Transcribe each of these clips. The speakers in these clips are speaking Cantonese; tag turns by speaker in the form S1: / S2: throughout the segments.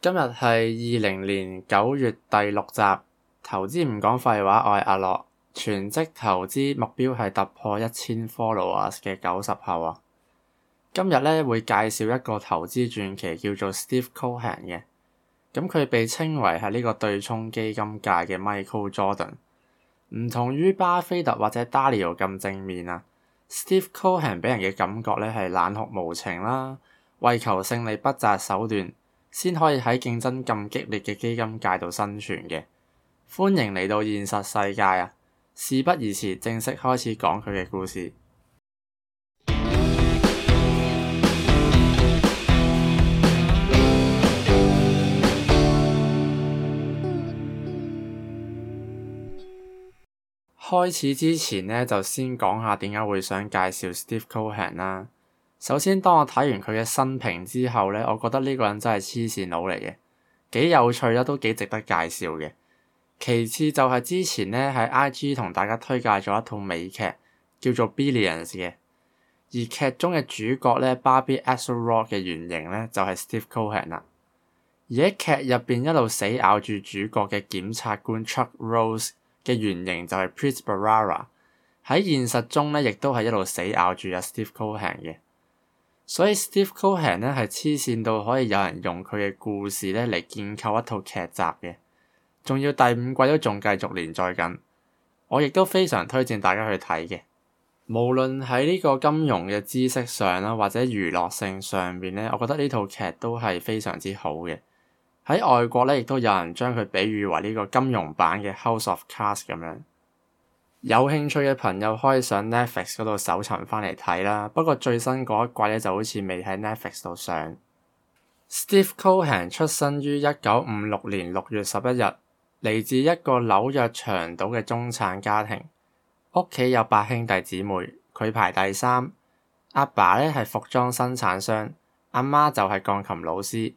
S1: 今日係二零年九月第六集，投資唔講廢話，我係阿樂，全職投資目標係突破一千 followers 嘅九十後啊！今日咧會介紹一個投資傳奇，叫做 Steve Cohen 嘅。咁佢被稱為係呢個對沖基金界嘅 Michael Jordan，唔同於巴菲特或者 Dalio 咁正面啊。Steve Cohen 俾人嘅感覺咧係冷酷無情啦，為求勝利不擇手段。先可以喺競爭咁激烈嘅基金界度生存嘅，歡迎嚟到現實世界啊！事不宜遲，正式開始講佢嘅故事。開始之前呢，就先講下點解會想介紹 Steve Cohen 啦。首先，當我睇完佢嘅生平之後咧，我覺得呢個人真係黐線佬嚟嘅，幾有趣啦，都幾值得介紹嘅。其次就係之前咧喺 I G 同大家推介咗一套美劇叫做《Billions》嘅，而劇中嘅主角咧，Bobby Axelrod 嘅原型咧就係 Steve Cohen 啦。而喺劇入邊一路死咬住主角嘅檢察官 Chuck Rose 嘅原型就係 Preet Bharara，喺現實中咧亦都係一路死咬住阿 Steve Cohen 嘅。所以 Steve Cohen 咧係黐線到可以有人用佢嘅故事咧嚟建構一套劇集嘅，仲要第五季都仲繼續連載緊，我亦都非常推薦大家去睇嘅。無論喺呢個金融嘅知識上啦，或者娛樂性上面咧，我覺得呢套劇都係非常之好嘅。喺外國咧，亦都有人將佢比喻為呢個金融版嘅 House of Cards 咁樣。有興趣嘅朋友可以上 Netflix 嗰度搜尋翻嚟睇啦。不過最新嗰一季咧就好似未喺 Netflix 度上。Steve Cohen 出生於一九五六年六月十一日，嚟自一個紐約長島嘅中產家庭，屋企有八兄弟姊妹，佢排第三。阿爸咧係服裝生產商，阿媽就係鋼琴老師。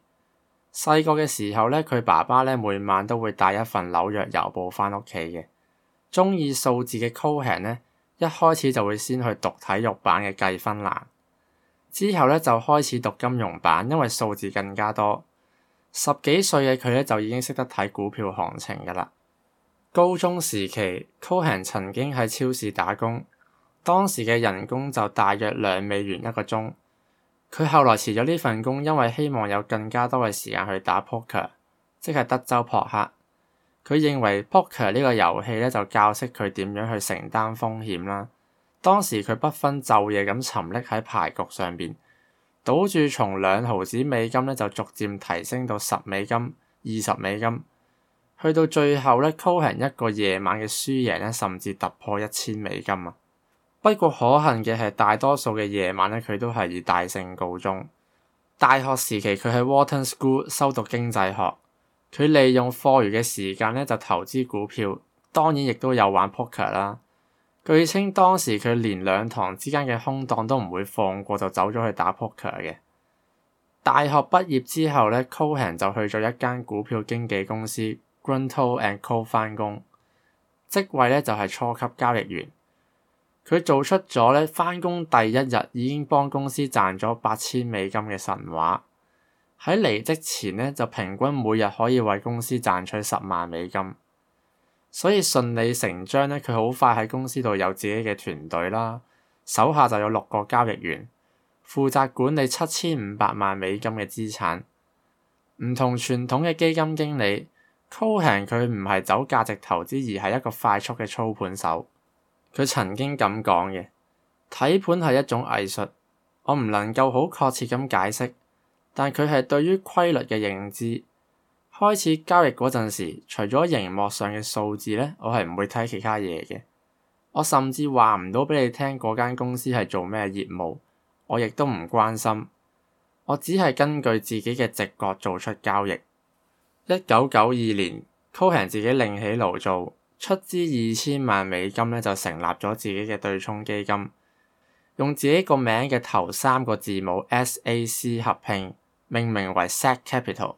S1: 細個嘅時候咧，佢爸爸咧每晚都會帶一份紐約郵報翻屋企嘅。鍾意數字嘅 Cohen 呢，一開始就會先去讀體育版嘅計分欄，之後呢，就開始讀金融版，因為數字更加多。十幾歲嘅佢呢，就已經識得睇股票行情㗎喇。高中時期，Cohen 曾經喺超市打工，當時嘅人工就大約兩美元一個鐘。佢後來辭咗呢份工，因為希望有更加多嘅時間去打 Poker，即係德州撲克。佢認為撲克呢個遊戲咧就教識佢點樣去承擔風險啦。當時佢不分晝夜咁沉溺喺牌局上邊，賭注從兩毫子美金咧就逐漸提升到十美金、二十美金，去到最後咧，Cohen 一個夜晚嘅輸贏咧，甚至突破一千美金啊！不過可幸嘅係，大多數嘅夜晚咧，佢都係以大勝告終。大學時期佢喺 Wharton School 修讀經濟學。佢利用課餘嘅時間咧就投資股票，當然亦都有玩 poker 啦。據稱當時佢連兩堂之間嘅空檔都唔會放過，就走咗去打 poker 嘅。大學畢業之後咧 Cohen 就去咗一間股票經紀公司 Gruntal and Co 翻工，職位咧就係初級交易員。佢做出咗咧翻工第一日已經幫公司賺咗八千美金嘅神話。喺離職前呢，就平均每日可以為公司賺取十萬美金，所以順理成章呢，佢好快喺公司度有自己嘅團隊啦。手下就有六個交易員，負責管理七千五百萬美金嘅資產。唔同傳統嘅基金經理，Cohen 佢唔係走價值投資，而係一個快速嘅操盤手。佢曾經咁講嘅，睇盤係一種藝術，我唔能夠好確切咁解釋。但佢係對於規律嘅認知，開始交易嗰陣時，除咗熒幕上嘅數字呢，我係唔會睇其他嘢嘅。我甚至話唔到俾你聽嗰間公司係做咩業務，我亦都唔關心。我只係根據自己嘅直覺做出交易。一九九二年，Cohen 自己另起爐灶，出資二千萬美金呢，就成立咗自己嘅對沖基金，用自己個名嘅頭三個字母 SAC 合拼。命名為 SAC Capital，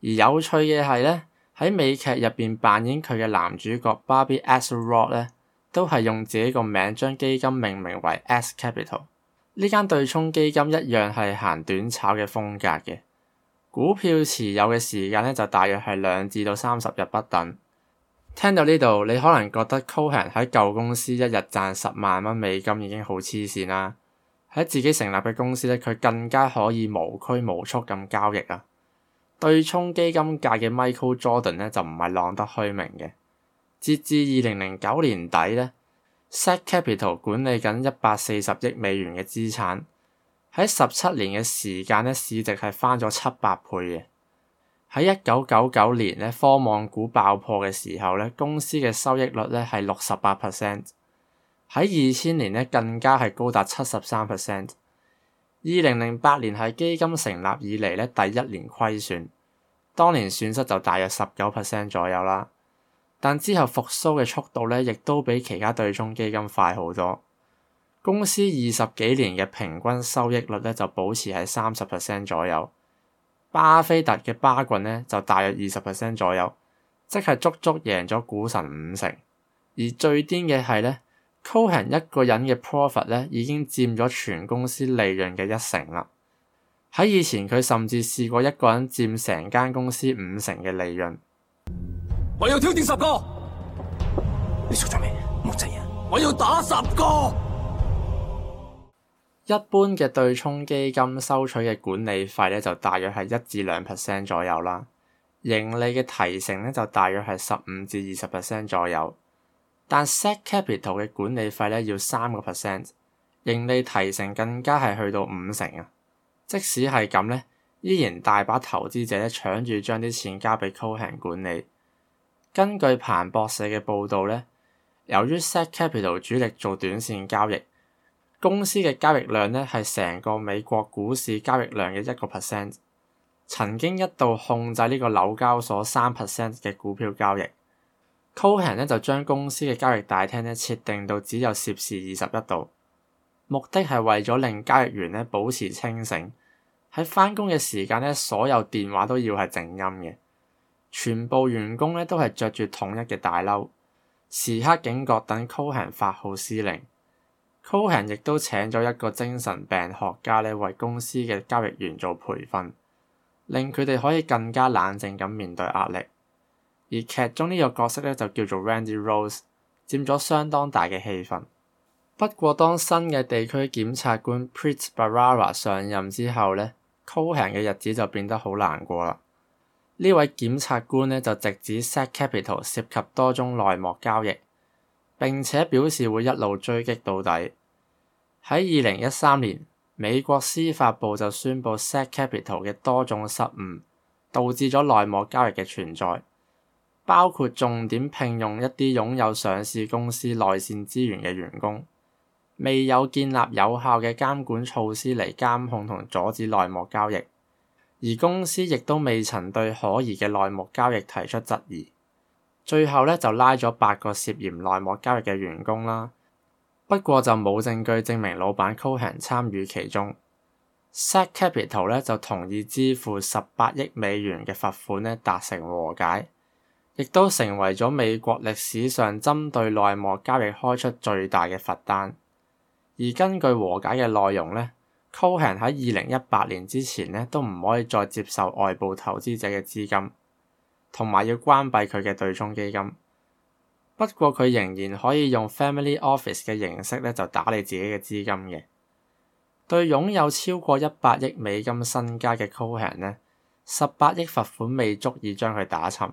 S1: 而有趣嘅係咧，喺美劇入邊扮演佢嘅男主角 Bobby Axelrod 咧，都係用自己個名將基金命名為 S Capital。呢間對沖基金一樣係行短炒嘅風格嘅，股票持有嘅時間咧就大約係兩至到三十日不等。聽到呢度，你可能覺得 Cohen 喺舊公司一日賺十萬蚊美金已經好黐線啦。喺自己成立嘅公司咧，佢更加可以無拘無束咁交易啊！對沖基金界嘅 Michael Jordan 咧就唔係浪得虛名嘅。截至二零零九年底咧，SAC Capital 管理緊一百四十億美元嘅資產，喺十七年嘅時間咧，市值係翻咗七八倍嘅。喺一九九九年咧，科網股爆破嘅時候咧，公司嘅收益率咧係六十八 percent。喺二千年咧，更加係高達七十三 percent。二零零八年係基金成立以嚟咧第一年虧損，當年損失就大約十九 percent 左右啦。但之後復甦嘅速度咧，亦都比其他對沖基金快好多。公司二十幾年嘅平均收益率咧就保持喺三十 percent 左右，巴菲特嘅巴郡咧就大約二十 percent 左右，即係足足贏咗股神五成。而最癲嘅係咧～Cohen 一個人嘅 profit 咧，已經佔咗全公司利潤嘅一成啦。喺以前，佢甚至試過一個人佔成間公司五成嘅利潤。我要挑戰十個，你做咗未？冇制啊！我要打十個。一般嘅對沖基金收取嘅管理費咧，就大約係一至兩 percent 左右啦。盈利嘅提成咧，就大約係十五至二十 percent 左右。但 Set Capital 嘅管理費咧要三個 percent，盈利提成更加係去到五成啊！即使係咁咧，依然大把投資者咧搶住將啲錢交俾 Cohen 管理。根據彭博社嘅報導咧，由於 Set Capital 主力做短線交易，公司嘅交易量咧係成個美國股市交易量嘅一個 percent，曾經一度控制呢個紐交所三 percent 嘅股票交易。Cohen 咧就將公司嘅交易大廳咧設定到只有攝氏二十一度，目的係為咗令交易員咧保持清醒。喺翻工嘅時間咧，所有電話都要係靜音嘅，全部員工咧都係着住統一嘅大褸，時刻警覺等 Cohen 發號施令。Cohen 亦都請咗一個精神病學家咧為公司嘅交易員做培訓，令佢哋可以更加冷靜咁面對壓力。而劇中呢個角色呢，就叫做 Randy Rose，佔咗相當大嘅戲份。不過，當新嘅地區檢察官 Preet Bharara 上任之後呢 Cohen 嘅日子就變得好難過啦。呢位檢察官呢，就直指 SAC Capital 涉及多宗內幕交易，並且表示會一路追擊到底。喺二零一三年，美國司法部就宣布 SAC Capital 嘅多種失誤，導致咗內幕交易嘅存在。包括重點聘用一啲擁有上市公司內線資源嘅員工，未有建立有效嘅監管措施嚟監控同阻止內幕交易，而公司亦都未曾對可疑嘅內幕交易提出質疑。最後咧就拉咗八個涉嫌內幕交易嘅員工啦，不過就冇證據證明老闆 Cohen 參與其中。SAC Capital 咧就同意支付十八億美元嘅罰款咧，達成和解。亦都成為咗美國歷史上針對內幕交易開出最大嘅罰單。而根據和解嘅內容呢 Cohen 喺二零一八年之前咧都唔可以再接受外部投資者嘅資金，同埋要關閉佢嘅對沖基金。不過佢仍然可以用 Family Office 嘅形式咧就打理自己嘅資金嘅。對擁有超過一百億美金身家嘅 Cohen 呢十八億罰款未足以將佢打沉。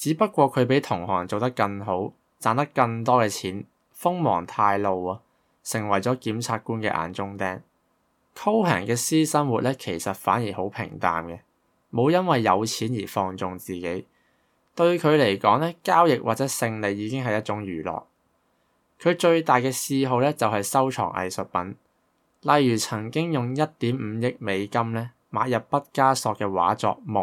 S1: 只不過佢比同行做得更好，賺得更多嘅錢，鋒芒太露啊，成為咗檢察官嘅眼中釘。Cohen 嘅私生活咧，其實反而好平淡嘅，冇因為有錢而放縱自己。對佢嚟講咧，交易或者勝利已經係一種娛樂。佢最大嘅嗜好咧，就係收藏藝術品，例如曾經用一點五億美金咧買入畢加索嘅畫作《夢》。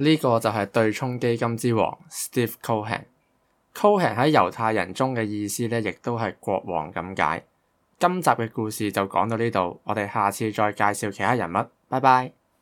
S1: 呢個就係對沖基金之王 Steve Cohen，Cohen 喺猶太人中嘅意思呢，亦都係國王咁解。今集嘅故事就講到呢度，我哋下次再介紹其他人物。拜拜。